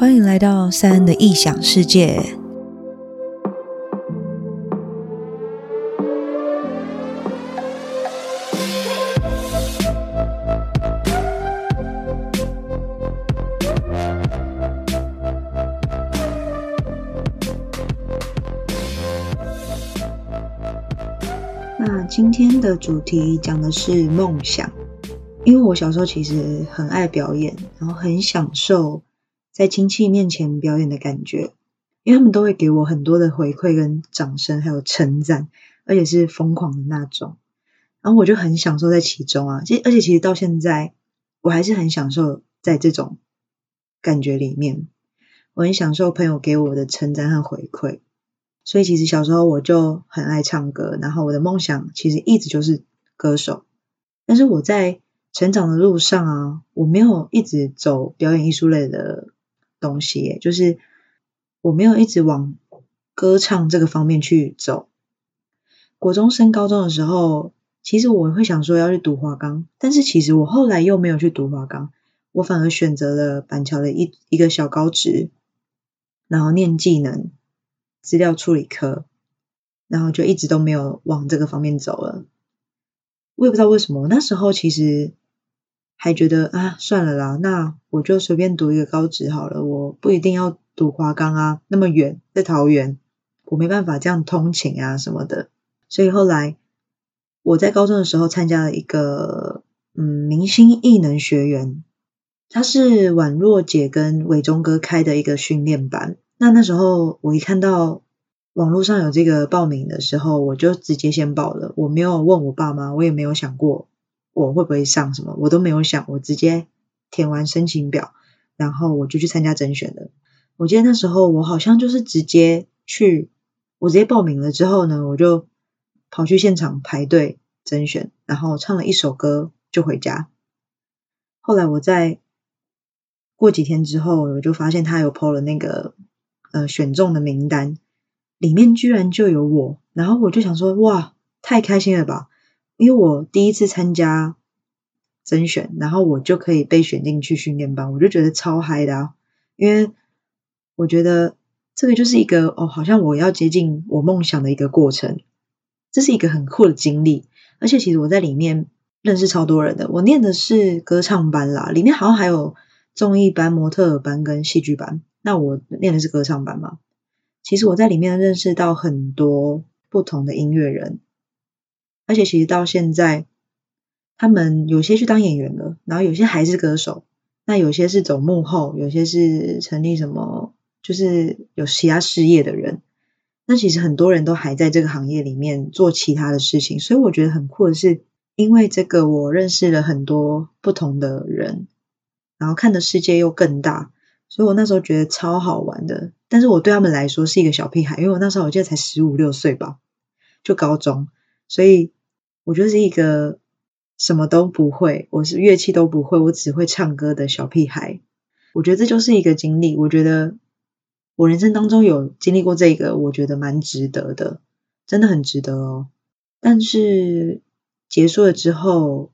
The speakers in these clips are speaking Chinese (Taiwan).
歡迎來到賽恩的異想世界。那今天的主題講的是夢想，因為我小時候其實很愛表演，然後很享受在親戚面前表演的感覺，因為他們都會給我很多的回饋跟掌聲、還有稱讚，而且是瘋狂的那種。然後我就很享受在其中啊，其而且其實到現在，我還是很享受在這種感覺裡面，我很享受朋友給我的稱讚和回饋。所以其實小時候我就很愛唱歌，然後我的夢想其實一直就是歌手。但是我在成長的路上啊，我沒有一直走表演藝術類的東西耶，就是我沒有一直往歌唱這個方面去走。國中升高中的時候，其實我會想說要去讀華岡，但是其實我後來又沒有去讀華岡，我反而選擇了板橋的一一個小高職，然後念技能資料處理科，然後就一直都沒有往這個方面走了。我也不知道為什麼，那時候其實。還覺得啊，算了啦，那我就隨便讀一個高職好了，我不一定要讀華岡啊，那麼遠，在桃園，我沒辦法這樣通勤啊什麼的。所以後來我在高中的時候參加了一個嗯，明星藝能學員，他是宛若姐跟偉忠哥開的一個訓練班。那那時候我一看到網絡上有這個報名的時候，我就直接先報了，我沒有問我爸媽，我也沒有想過。我會不會上什麼？我都沒有想，我直接填完申請表，然後我就去參加甄選了。我記得那時候，我好像就是直接去，我直接報名了之後呢，我就跑去現場排隊甄選，然後唱了一首歌就回家。後來我再過幾天之後，我就發現他有 PO 了那個呃選中的名單，裡面居然就有我，然後我就想說，哇，太開心了吧！因為我第一次參加甄選，然後我就可以被選進去訓練班，我就覺得超嗨的啊！因為我覺得這個就是一個哦，好像我要接近我夢想的一個過程，這是一個很酷的經歷。而且其實我在裡面認識超多人的。我念的是歌唱班啦，裡面好像還有綜藝班、模特兒班跟戲劇班。那我念的是歌唱班嘛，其實我在裡面認識到很多不同的音樂人。而且其實到現在，他們有些去當演員了，然後有些還是歌手，那有些是走幕後，有些是成立什麼，就是有其他事業的人。那其實很多人都還在這個行業裡面做其他的事情，所以我覺得很酷的是，因為這個我認識了很多不同的人，然後看的世界又更大，所以我那時候覺得超好玩的。但是我對他們來說是一個小屁孩，因為我那時候我記得才十五六歲吧，就高中，所以。我就是一個什麼都不會，我是樂器都不會，我只會唱歌的小屁孩。我覺得這就是一個經歷，我覺得我人生當中有經歷過這個，我覺得蠻值得的，真的很值得哦。但是結束了之後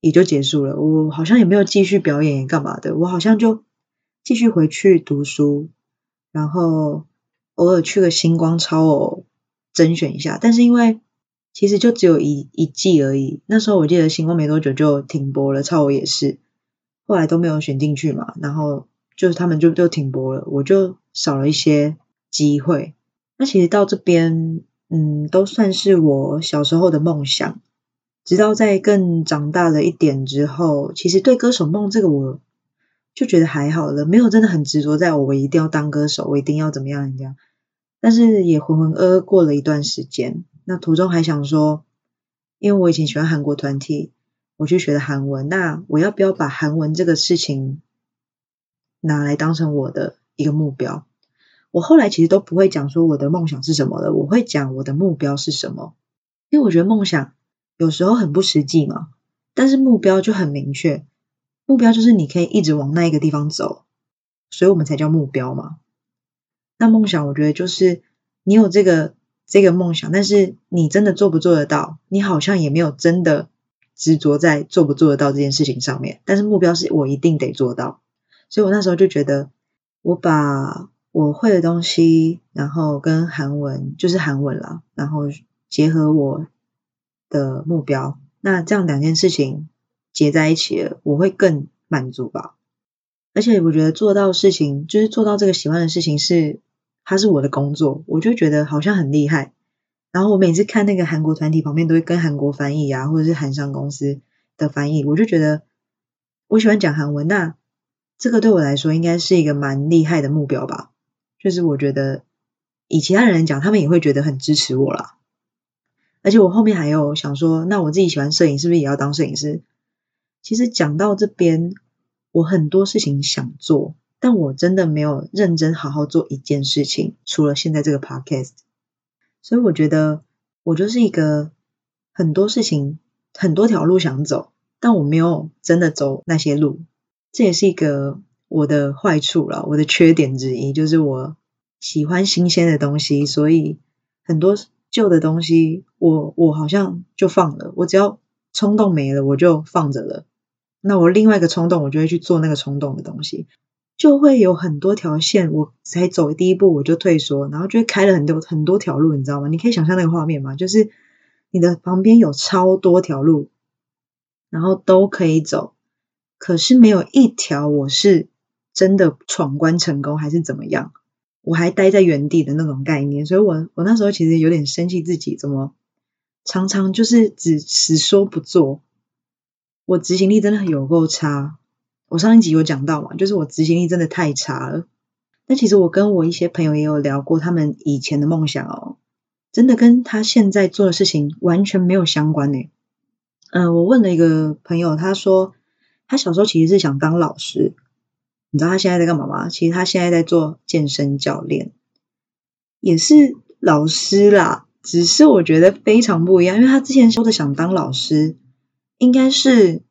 也就結束了，我好像也沒有繼續表演幹嘛的，我好像就繼續回去讀書，然後偶爾去個星光超偶，甄選一下，但是因為。其實就只有一一季而已。那時候我記得《星光》沒多久就停播了，超我也是，後來都沒有選進去嘛。然後就是他們就就停播了，我就少了一些機會。那其實到這邊，嗯，都算是我小時候的夢想。直到在更長大了一點之後，其實對歌手夢這個，我就覺得還好了，沒有真的很執着在我，我一定要當歌手，我一定要怎麼樣怎麼樣。但是也渾渾噩噩過了一段時間。那途中還想說，因為我以前喜歡韓國團體，我去學的韓文。那我要不要把韓文這個事情拿來當成我的一個目標？我後來其實都不會講說我的夢想是什麼了，我會講我的目標是什麼。因為我覺得夢想有時候很不實際嘛，但是目標就很明確。目標就是你可以一直往那一個地方走，所以我們才叫目標嘛。那夢想，我覺得就是你有這個。這個夢想，但是你真的做不做得到？你好像也沒有真的執着在做不做得到這件事情上面。但是目標是我一定得做到，所以我那時候就覺得，我把我會的東西，然後跟韓文，就是韓文啦，然後結合我的目標，那這樣兩件事情結在一起了，我會更滿足吧。而且我覺得做到事情，就是做到這個喜歡的事情是。他是我的工作，我就覺得好像很厲害。然後我每次看那個韓國團體旁邊，都會跟韓國翻譯啊，或者是韓商公司的翻譯，我就覺得我喜歡講韓文。那這個對我來說，應該是一個蠻厲害的目標吧？就是我覺得以其他人講，他們也會覺得很支持我啦。而且我後面還有想說，那我自己喜歡攝影，是不是也要當攝影師？其實講到這邊，我很多事情想做。但我真的沒有認真好好做一件事情，除了現在這個 podcast。所以我覺得我就是一個很多事情很多條路想走，但我沒有真的走那些路。這也是一個我的壞處了，我的缺點之一就是我喜歡新鮮的東西，所以很多舊的東西我、我我，好像就放了。我只要衝動沒了，我就放着了。那我另外一個衝動，我就會去做那個衝動的東西。就會有很多條線，我才走第一步，我就退縮，然後就會開了很多很多條路，你知道嗎？你可以想象那個畫面嗎？就是你的旁邊有超多條路，然後都可以走，可是沒有一條我是真的闖關成功還是怎麼樣，我還待在原地的那種概念。所以我，我我那時候其實有點生氣自己，怎麼常常就是只只說不做，我執行力真的很有夠差。我上一集有講到嘛，就是我執行力真的太差了。但其實我跟我一些朋友也有聊過，他們以前的夢想哦，真的跟他現在做的事情完全沒有相關呢。嗯、呃，我問了一個朋友，他說他小時候其實是想當老師，你知道他現在在幹嘛嗎？其實他現在在做健身教練，也是老師啦，只是我覺得非常不一樣，因為他之前說的想當老師，應該是。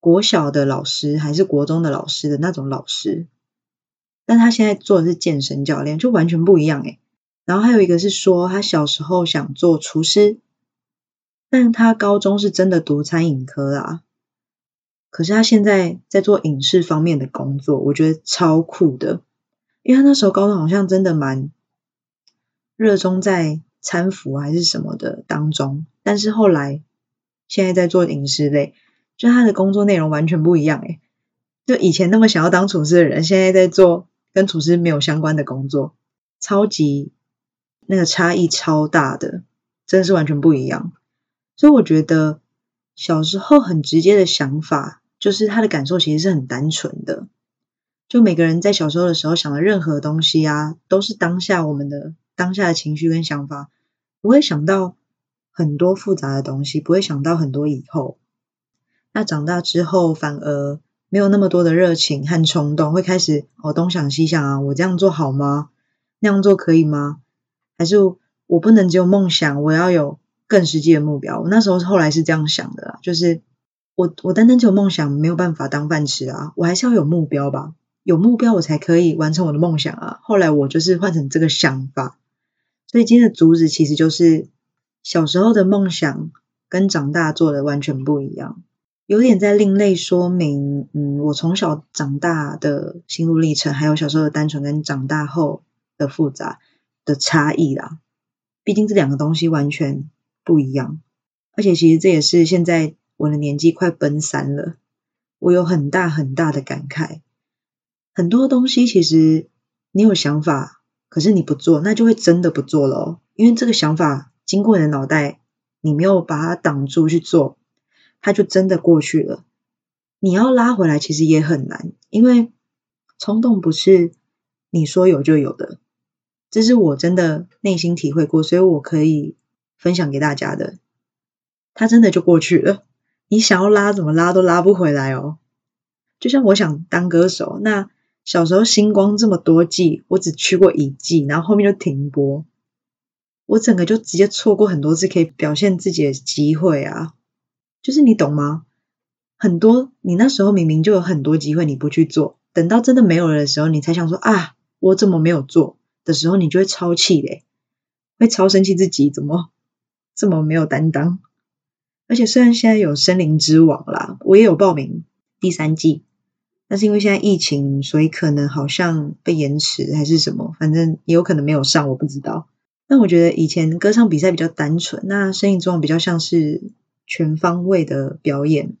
國小的老師還是國中的老師的那種老師，但他現在做的是健身教練，就完全不一樣誒、欸、然後還有一個是說，他小時候想做廚師，但他高中是真的讀餐飲科啊。可是他現在在做影視方面的工作，我覺得超酷的，因為他那時候高中好像真的蠻熱衷在餐服還是什麼的當中，但是後來現在在做影視類。就他的工作內容完全不一樣哎，就以前那麼想要當廚師的人，現在在做跟廚師沒有相關的工作，超級那個差異超大的，真的是完全不一樣。所以我覺得小時候很直接的想法，就是他的感受其實是很單純的。就每個人在小時候的時候想的任何東西啊，都是當下我們的當下的情緒跟想法，不會想到很多複雜的東西，不會想到很多以後。那長大之後，反而沒有那麼多的熱情和衝動，會開始哦，東想西想啊，我這樣做好嗎？那樣做可以嗎？還是我不能只有夢想，我要有更實際的目標？我那時候後來是這樣想的啦，就是，我我單單只有夢想，沒有辦法當飯吃啊，我還是要有目標吧，有目標我才可以完成我的夢想啊。後來我就是換成這個想法，所以今天的主旨其實就是小時候的夢想跟長大做的完全不一樣。有點在另類說明，嗯，我從小長大的心路歷程，還有小時候的單純跟長大後的複雜的差異啦。畢竟這兩個東西完全不一樣。而且其實這也是現在我的年紀快奔三了，我有很大很大的感慨。很多東西其實你有想法，可是你不做，那就會真的不做咯。因為這個想法經過你的腦袋，你沒有把它擋住去做。它就真的過去了。你要拉回來，其實也很難，因為衝動不是你說有就有的，這是我真的內心體會過，所以我可以分享給大家的。它真的就過去了，你想要拉怎麼拉都拉不回來哦。就像我想當歌手，那小時候星光這麼多季，我只去過一季，然後後面就停播，我整個就直接錯過很多次可以表現自己的機會啊。就是你懂嗎？很多你那時候明明就有很多機會，你不去做，等到真的沒有了的時候，你才想說啊，我怎麼沒有做的時候，你就會超氣嘞，會超生氣自己怎麼這麼沒有擔當。而且雖然現在有森林之王啦，我也有報名第三季，但是因為現在疫情，所以可能好像被延遲還是什麼，反正也有可能沒有上，我不知道。但我覺得以前歌唱比賽比較單純，那森林之王比較像是。全方位的表演，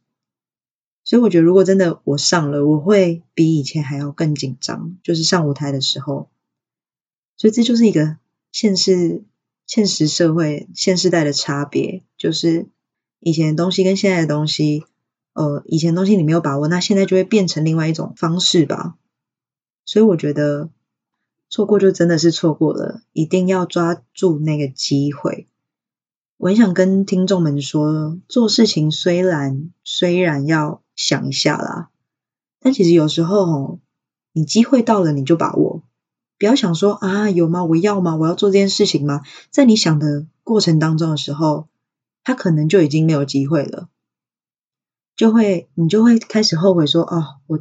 所以我覺得，如果真的我上了，我會比以前還要更緊張，就是上舞台的時候。所以這就是一個現實、現實社會、現世代的差別，就是以前的東西跟現在的東西，呃，以前的東西你沒有把握，那現在就會變成另外一種方式吧。所以我覺得錯過就真的是錯過了，一定要抓住那個機會。我很想跟聽眾們說，做事情雖然雖然要想一下啦，但其實有時候哦，你機會到了你就把握，不要想說啊，有嗎？我要嗎？我要做這件事情嗎？在你想的過程當中的時候，他可能就已經沒有機會了，就會你就會開始後悔說啊、哦、我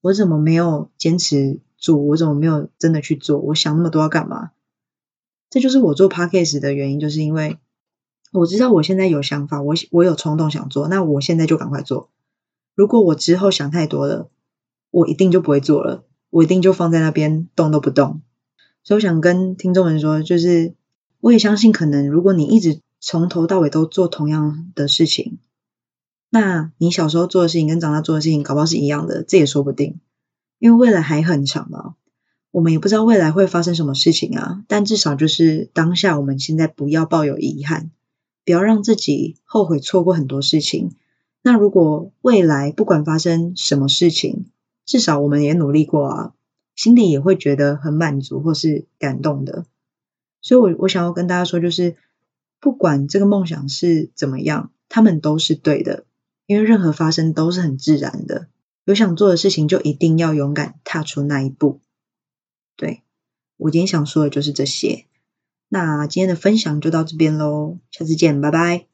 我怎麼沒有堅持做？我怎麼沒有真的去做？我想那麼多要幹嘛？這就是我做 podcast 的原因，就是因為。我知道我現在有想法，我我有衝動想做，那我現在就趕快做。如果我之後想太多了，我一定就不會做了，我一定就放在那邊動都不動。所以我想跟聽眾們說，就是我也相信，可能如果你一直從頭到尾都做同樣的事情，那你小時候做的事情跟長大做的事情搞不好是一樣的，這也說不定。因為未來還很長嘛，我們也不知道未來會發生什麼事情啊，但至少就是當下，我們現在不要抱有遺憾。不要讓自己後悔錯過很多事情。那如果未來不管發生什麼事情，至少我們也努力過啊，心裡也會覺得很滿足或是感動的。所以我，我我想要跟大家說，就是不管這個夢想是怎麼樣，他們都是對的，因為任何發生都是很自然的。有想做的事情，就一定要勇敢踏出那一步。對，我今天想說的就是這些。那今天的分享就到這邊嘍，下次見，拜拜。